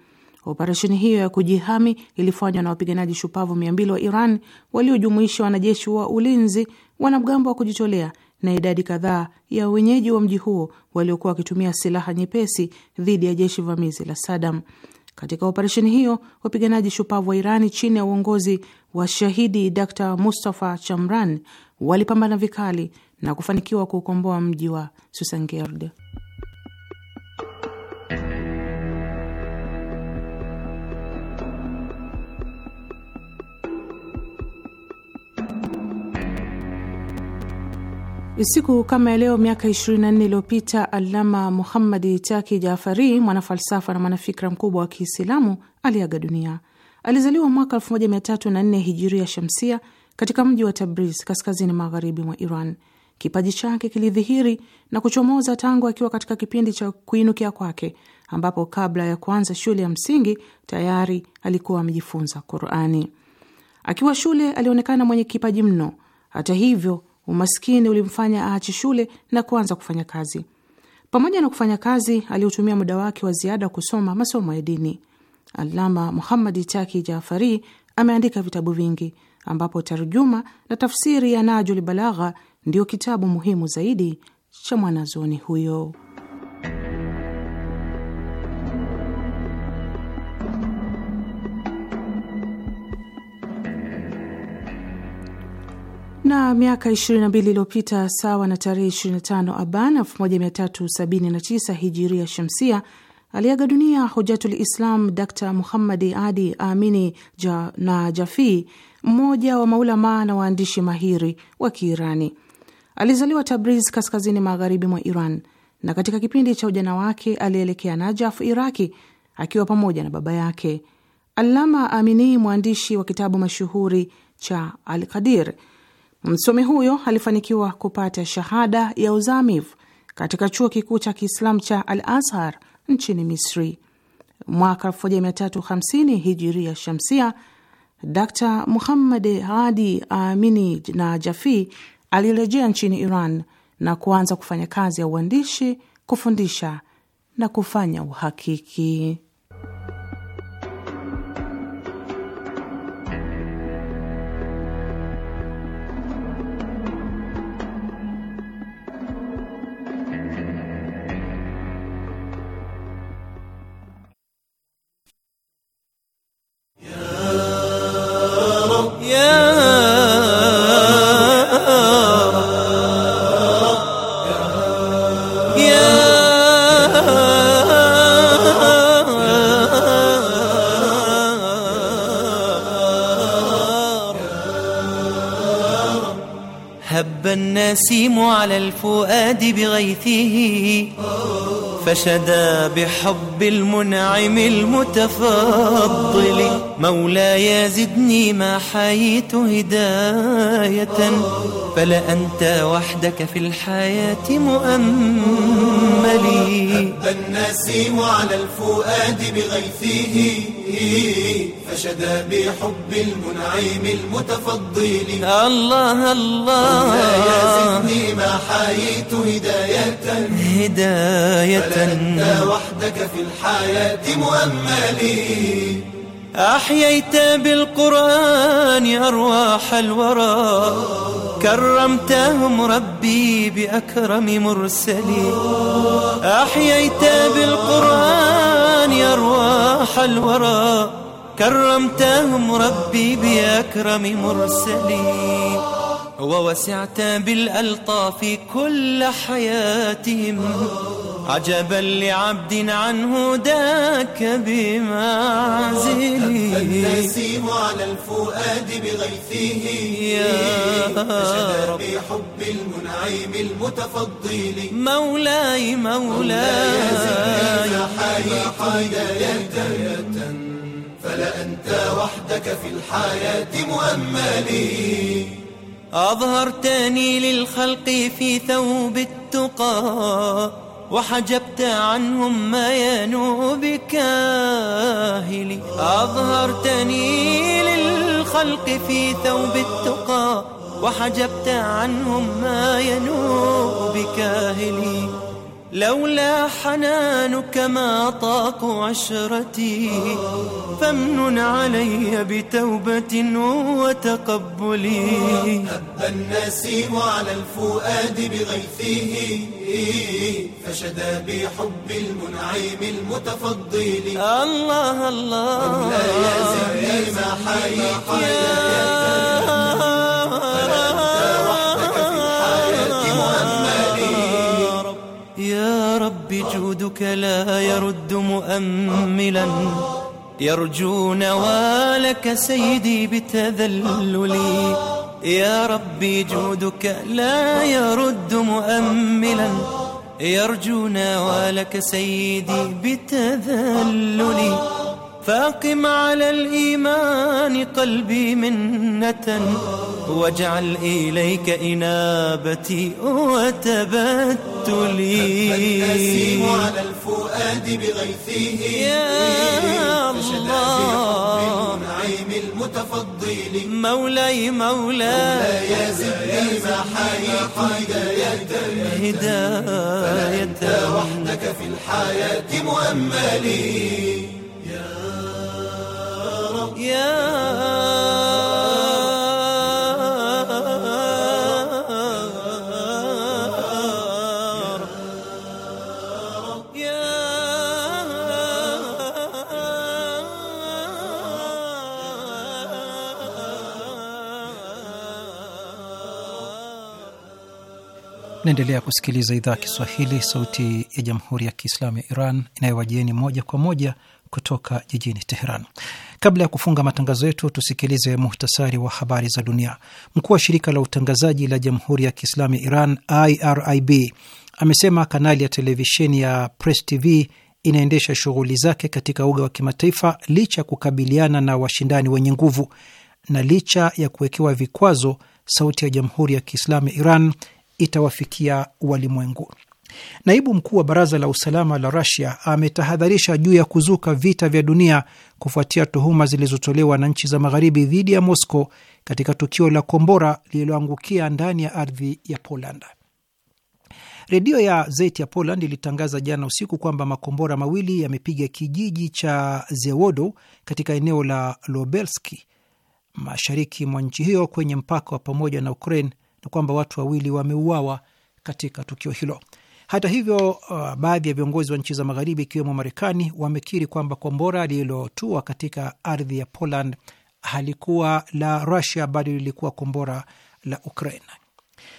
Operesheni hiyo ya kujihami ilifanywa na wapiganaji shupavu mia mbili wa Iran waliojumuisha wanajeshi wa ulinzi, wanamgambo wa kujitolea na idadi kadhaa ya wenyeji wa mji huo waliokuwa wakitumia silaha nyepesi dhidi ya jeshi vamizi la Sadam. Katika operesheni hiyo wapiganaji shupavu wa Irani chini ya uongozi wa shahidi Dr Mustafa Chamran walipambana vikali na kufanikiwa kuukomboa mji wa Susangerd. Siku kama leo miaka 24 iliyopita alama Muhammadi Taki Jafari, mwanafalsafa na mwanafikra mkubwa wa Kiislamu, aliaga dunia. Alizaliwa mwaka 1304 hijiria shamsia katika mji wa Tabriz, kaskazini magharibi mwa Iran. Kipaji chake kilidhihiri na kuchomoza tangu akiwa katika kipindi cha kuinukia kwake, ambapo kabla ya kuanza shule ya msingi tayari alikuwa amejifunza Qurani. Akiwa shule alionekana mwenye kipaji mno. Hata hivyo Umaskini ulimfanya aache shule na kuanza kufanya kazi. Pamoja na kufanya kazi, aliutumia muda wake wa ziada kusoma masomo ya dini. Alama Muhammadi Taki Jafari ameandika vitabu vingi ambapo tarjuma na tafsiri ya Najul Balagha ndiyo kitabu muhimu zaidi cha mwanazoni huyo. na miaka 22 iliyopita sawa na tarehe 25 Aban 1379 hijiria shamsia aliaga dunia Hujatul Islam Dr Muhammadi Adi Amini ja, na Jafi, mmoja wa maulamaa na waandishi mahiri wa Kiirani. Alizaliwa Tabriz, kaskazini magharibi mwa Iran, na katika kipindi cha ujana wake alielekea Najaf, Iraki, akiwa pamoja na baba yake Allama Amini, mwandishi wa kitabu mashuhuri cha Al Qadir Msomi huyo alifanikiwa kupata shahada ya uzamivu katika chuo kikuu cha Kiislamu cha Al Azhar nchini Misri mwaka 1350 hijiria shamsia. Dr Muhammad Hadi Amini na Jafi alirejea nchini Iran na kuanza kufanya kazi ya uandishi, kufundisha na kufanya uhakiki. بيته فشدا بحب المنعم المتفضل مولاي زدني ما حييت هداية فلا أنت وحدك في الحياة مؤملي هب النسيم على الفؤاد بغيثه أشدا بحب المنعم المتفضل الله الله يا زدني ما حييت هداية هداية فلنت وحدك في الحياة مؤملي أحييت بالقرآن أرواح الورى كرمتهم ربي بأكرم مرسلي أحييت بالقرآن أرواح الورى كرمتهم ربي بأكرم مرسلين ووسعت بالألطاف كل حياتهم عجبا لعبد عن هداك بمعزلي النسيم على الفؤاد بغيثه يا رب بحب المنعم المتفضل مولاي مولاي يا حي قد يهتدي لأنت أنت وحدك في الحياة مؤملي أظهرتني للخلق في ثوب التقى وحجبت عنهم ما ينوب بكاهلي أظهرتني للخلق في ثوب التقى وحجبت عنهم ما ينوب بكاهلي لولا حنانك ما طاق عشرتي فامنن علي بتوبة وتقبلي هب النسيم على الفؤاد بغيثه فشدا بحب المنعم المتفضل الله الله لا يزني محايق يا, يا جودك لا يرد مؤملا يرجو نوالك سيدي بتذللي يا ربي جودك لا يرد مؤملا يرجو نوالك سيدي بتذللي فاقم على الإيمان قلبي منة واجعل إليك إنابتي وتبتلي النسيم على الفؤاد بغيثه يا الله نعيم المتفضل مولاي مولاي, مولاي زدني محايا هداية هداية وحدك في الحياة مؤملي Naendelea kusikiliza idhaa ya Kiswahili, sauti ya jamhuri ya kiislamu ya Iran inayowajieni moja kwa moja kutoka jijini Teheran. Kabla ya kufunga matangazo yetu, tusikilize muhtasari wa habari za dunia. Mkuu wa shirika la utangazaji la Jamhuri ya Kiislamu ya Iran, IRIB, amesema kanali ya televisheni ya Press TV inaendesha shughuli zake katika uga wa kimataifa licha ya kukabiliana na washindani wenye nguvu na licha ya kuwekewa vikwazo, sauti ya Jamhuri ya Kiislamu ya Iran itawafikia walimwengu. Naibu mkuu wa baraza la usalama la Rusia ametahadharisha juu ya kuzuka vita vya dunia kufuatia tuhuma zilizotolewa na nchi za magharibi dhidi ya Moscow katika tukio la kombora lililoangukia ndani ya ardhi ya Poland. Redio ya Zet ya Poland ilitangaza jana usiku kwamba makombora mawili yamepiga kijiji cha Zewodo katika eneo la lobelski mashariki mwa nchi hiyo kwenye mpaka wa pamoja na Ukraine na kwamba watu wawili wameuawa katika tukio hilo. Hata hivyo, uh, baadhi ya viongozi wa nchi za magharibi ikiwemo Marekani wamekiri kwamba kombora lililotua katika ardhi ya Poland halikuwa la Rusia bali lilikuwa kombora la Ukraina.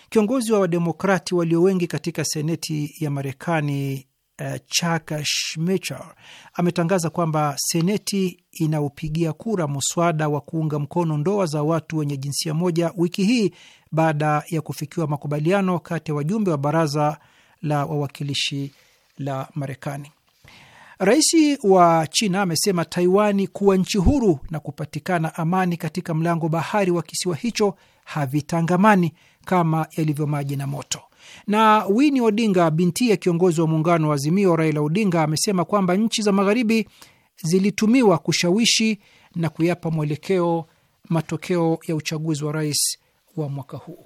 Kiongozi wa wademokrati walio wengi katika seneti ya Marekani uh, Chuck Schumer ametangaza kwamba seneti inaupigia kura muswada wa kuunga mkono ndoa za watu wenye jinsia moja wiki hii baada ya kufikiwa makubaliano kati ya wajumbe wa baraza la wawakilishi la Marekani. Rais wa China amesema Taiwani kuwa nchi huru na kupatikana amani katika mlango bahari wa kisiwa hicho havitangamani kama yalivyo maji na moto. Na Winnie Odinga, binti ya kiongozi wa muungano wa Azimio Raila Odinga, amesema kwamba nchi za magharibi zilitumiwa kushawishi na kuyapa mwelekeo matokeo ya uchaguzi wa rais wa mwaka huu.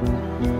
Mm-hmm.